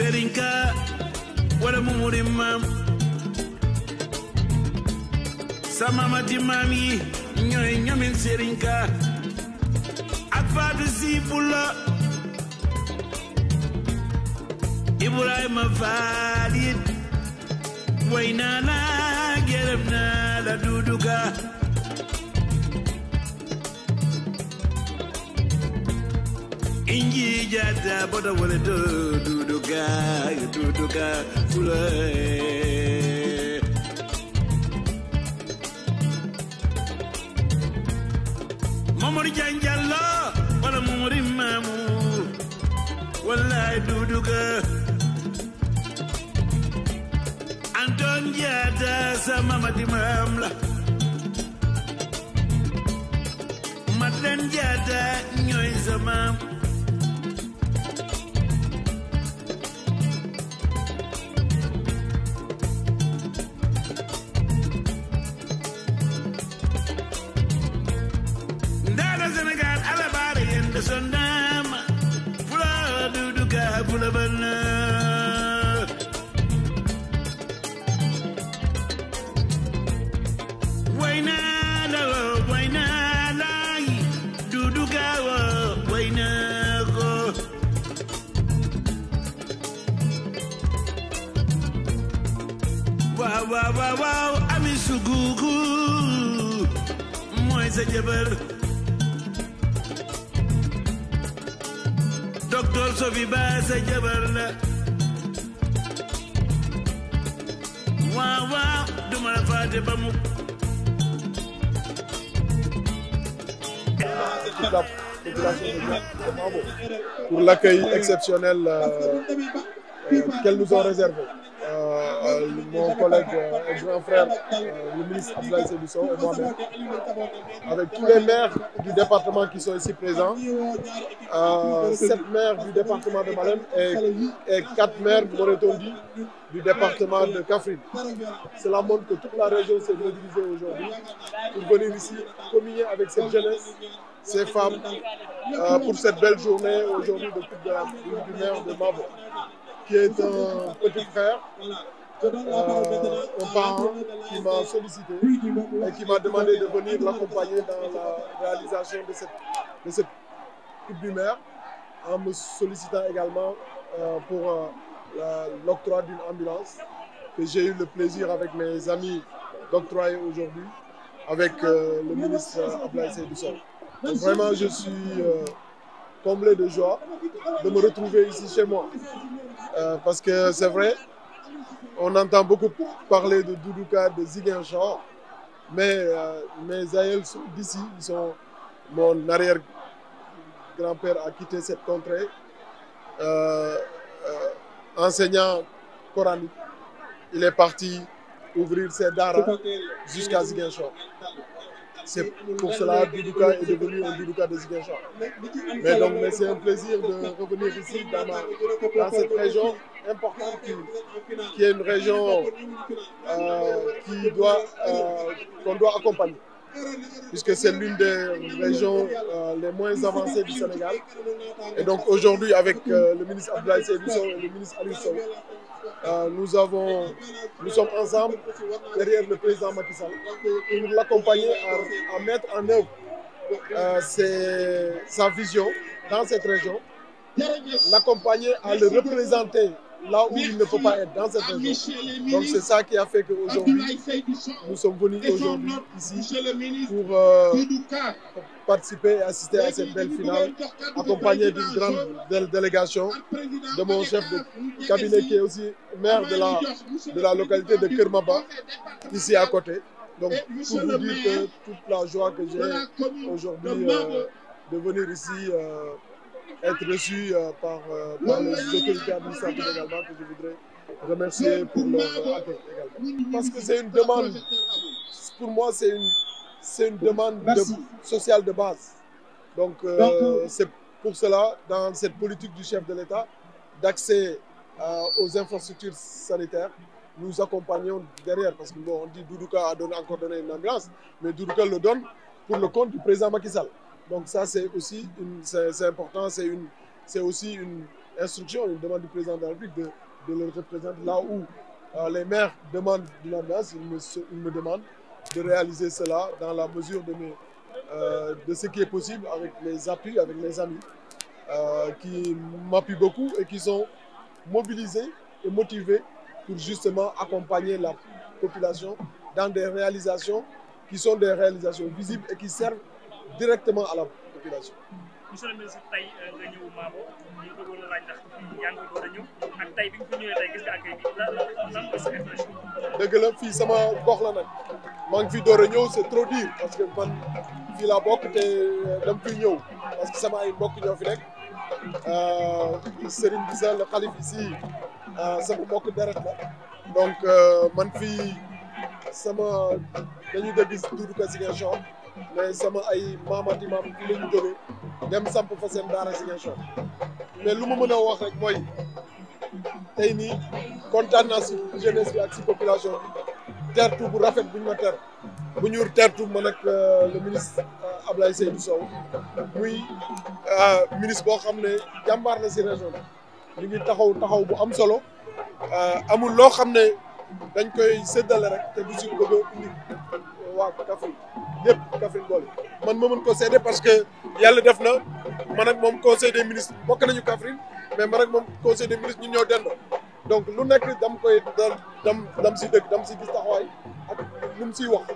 serinka wala mu murimma samama dimami ñoy ñomin serinka ak fatu sibulla ibrahima falit waynana gerem na la duduka inji jata boda wala to duduka duduka fula mamor janjalla wala mamor anton jata sama di mamla. madlen jata ñoy sama wa wa wa ami sugugu moi sa jabar docteur Soviba Ba sa jabar la wa wa du ma ba mu pour l'accueil exceptionnel euh, euh nous ont réservé mon collègue et euh, grand frère, euh, le ministre Abdoulaye la et moi-même, avec tous les maires du département qui sont ici présents, euh, sept maires du département de Malem et, quatre maires, m'aurait-on du département de C'est la montre que toute la région s'est mobilisée aujourd'hui pour venir ici communier avec cette jeunesse, ces femmes, pour cette belle journée aujourd'hui de de du maire de Mabo, qui est un petit frère je euh, parent qui m'a sollicité et qui m'a demandé de venir l'accompagner dans la réalisation de cette, de cette Coupe du Maire en me sollicitant également euh, pour euh, l'octroi d'une ambulance que j'ai eu le plaisir avec mes amis d'octroyer aujourd'hui avec le ministre Ablaï Seydoussol. Vraiment, je suis comblé de joie de me retrouver ici chez moi parce que c'est vrai, on entend beaucoup parler de Doudouka, de Ziguinchor, mais euh, mes aïeuls sont d'ici. mon arrière-grand-père a quitté cette contrée, euh, euh, enseignant coranique. Il est parti ouvrir ses dars jusqu'à Ziguinchor. C'est pour cela Bidouka est devenu un Bidouka de Ziguinchor. Mais donc, mais c'est un plaisir de revenir ici dans, cette région importante qui, est une région euh, qui doit euh, qu'on doit accompagner puisque c'est l'une des régions euh, les moins avancées du Sénégal. Et donc aujourd'hui, avec le ministre Abdoulaye et le ministre Ali euh, nous, avons, nous sommes ensemble derrière le président Macky Sall pour l'accompagner à, mettre en œuvre euh, sa vision dans cette région, l'accompagner à le représenter là où il ne faut pas être dans cette région. Donc c'est ça qui a fait qu'aujourd'hui, nous sommes venus aujourd'hui ici pour euh, participer et assister à cette belle finale, accompagné d'une grande délégation de mon chef de cabinet qui est aussi maire de la, de la localité de Kermaba, ici à côté. Donc pour vous dire que toute la joie que j'ai aujourd'hui de euh, venir ici. Euh, être reçu euh, euh, par, les autorités administratives également, que je voudrais remercier pour leur accueil également. Parce que c'est une demande, pour moi, c'est une, c'est une demande de, sociale de base. Donc, euh, c'est pour cela, dans cette politique du chef de l'État, d'accès aux infrastructures sanitaires, nous accompagnons derrière. Parce que, bon, dit Doudouka a donné, encore donné une ambulance, mais Doudouka le donne pour le compte du président Macky Sall. Donc ça, c'est aussi c'est important, c'est une, c'est aussi une instruction, une demande du président de la République de, le représenter là où euh, les maires demandent de l'ambiance, ils me, ils me demandent de réaliser cela dans la mesure de, mes, euh, de ce qui est possible avec les appuis, avec les amis euh, qui m'appuient beaucoup et qui sont mobilisés et motivés pour justement accompagner la population dans des réalisations qui sont des réalisations visibles et qui servent directement à la population. monsieur la fii sama gox la nag maa ngi fi door a ñëw c'est trop dur parce que man fii laa bokk te dam fiy ñëw parce que sama ay mbokk ñoo fi nekk euh, Serigne Bisa le xalif ici euh, sama mbokk deret la donc euh, man fii sama dañu dégg si Doudou Ka mais sama ay maamati maam fi la dem samp fa seen daara Ziguinchor mais lu ma mën a wax rek mooy tey nii kontaan si jeunesse bi ak si population bi tertu bu rafet bu ñu ma ter bu ñu tertu man ak euh, le ministre euh, Ablaye Seydou Sow muy euh, ministre boo xam ne jàmbaar la si région bi ngi taxaw taxaw bu am solo amul loo xam ne dañ koy séddale rek te du si bëgg indi waa Kaffrine ñëpp Kaffrine boole man ma ko seede parce que yàlla def na man ak moom conseil des ministres bokk nañu Kaffrine mais man ak moom conseil des ministres ñun ñoo dendoo donc lu nekk dam koy dam si dëkk dam si gis taxawaay ak lu mu siy wax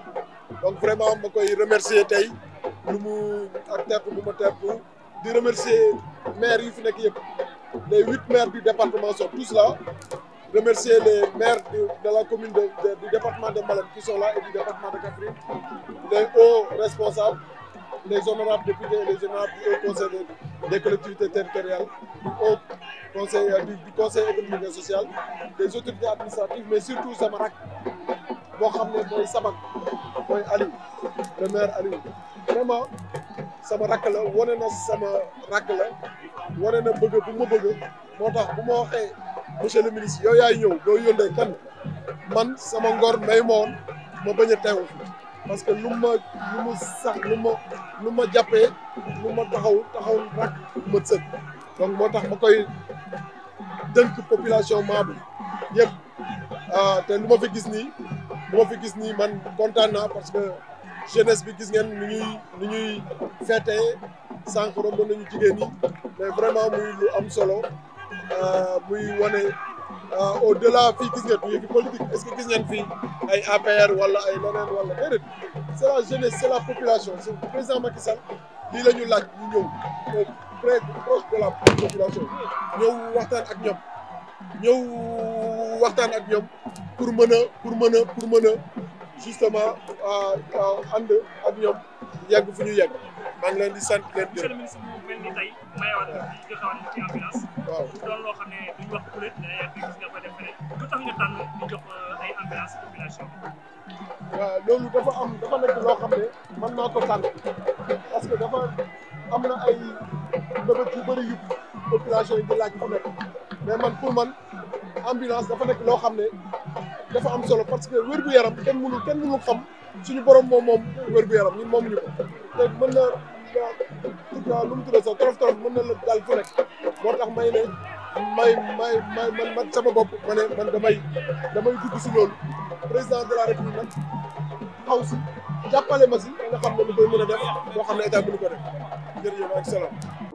donc vraiment ma koy remercier tey lu mu ak tertu bu ma tertu di remercier maire yi fi nekk yëpp les huit maires du département sont tous là remercier les maires de, la commune du département de Malem qui sont là et du département de Catherine, les hauts responsables, les honorables députés les honorables hauts conseil des collectivités territoriales, conseil, euh, du, conseil économique et social, des autorités administratives, mais surtout Samarak, le maire Ali. vraiment monsieur le ministre yow yaay ñew do yónnee kan man sama ngor may moon ma bañ a parce que luma luma sax luma luma jappé luma taxaw taxaw rak ma sëg donc motax ma koy dënk population mabou yëpp ah té luma fi gis ni lu fi gis ni man kontaan na parce que jeunesse bi gis ngeen ni ñuy ni ñuy fête sànq romb nañu jigéen ni mais vraiment muy lu am solo Euh, muy wane euh, au delà fii gis ngeen fii politique que gis ngeen fii ay APR wala ay leneen wala déedéet c' est la jeunesse c' la population c' est président Macky Sall lii la ñu ñëw au près la population ñëw waxtaan ak ñoom ñëw waxtaan ak ñoom pour mën a pour mën a pour mën a justement euh, ànd ak ñoom yegg fu ñu yegg maa ngi leen di sant leen. monsieur waaw doon loo xam ne duñ wax ku nekk gis nga ko def euh, dafa am dafa nekk loo xam ne mën naa ko tànn parce que dafa am na ay mbébét yu bëri yu population di laaj ku nekk mais man pour man ambulance dafa nekk loo xam ne dafa am solo parce que wér-gu-yaram kenn mënul kenn mënul xam suñu borom moom moom wér-gu-yaram ñun moom ñu ko te mën na gaa gaa lu mu tudd sax torof torof mën na la daal fu nekk moo tax may ne may may may man man sama bopp ma ne man damay damay dugg si loolu président de la république nag xaw si jàppale ma si nga xam ne lu koy mën a def boo xam ne état bi ñu ko def jërëjëf ak salaam